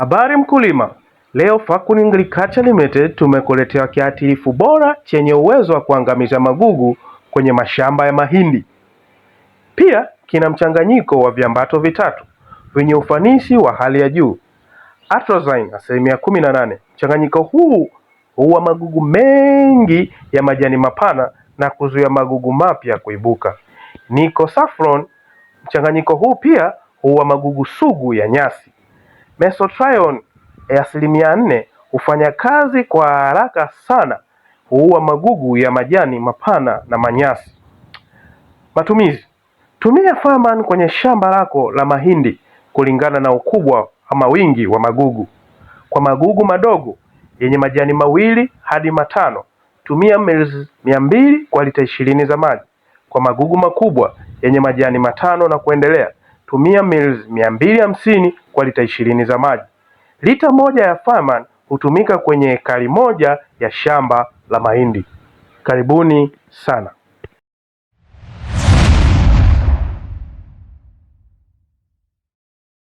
Habari mkulima, leo Faku Agriculture Limited tumekuletea kiatilifu bora chenye uwezo wa kuangamiza magugu kwenye mashamba ya mahindi. Pia kina mchanganyiko wa viambato vitatu vyenye ufanisi wa hali ya juu. Atrazine asilimia kumi na nane. Mchanganyiko huu huua magugu mengi ya majani mapana na kuzuia magugu mapya kuibuka. Nico Saffron, mchanganyiko huu pia huua magugu sugu ya nyasi. Mesotrione ya asilimia nne hufanya kazi kwa haraka sana, huua magugu ya majani mapana na manyasi. Matumizi: tumia Farman kwenye shamba lako la mahindi kulingana na ukubwa ama wingi wa magugu. Kwa magugu madogo yenye majani mawili hadi matano tumia ml mia mbili kwa lita ishirini za maji. Kwa magugu makubwa yenye majani matano na kuendelea hutumia mils mia mbili hamsini kwa lita ishirini za maji. Lita moja ya Farman hutumika kwenye ekari moja ya shamba la mahindi. Karibuni sana.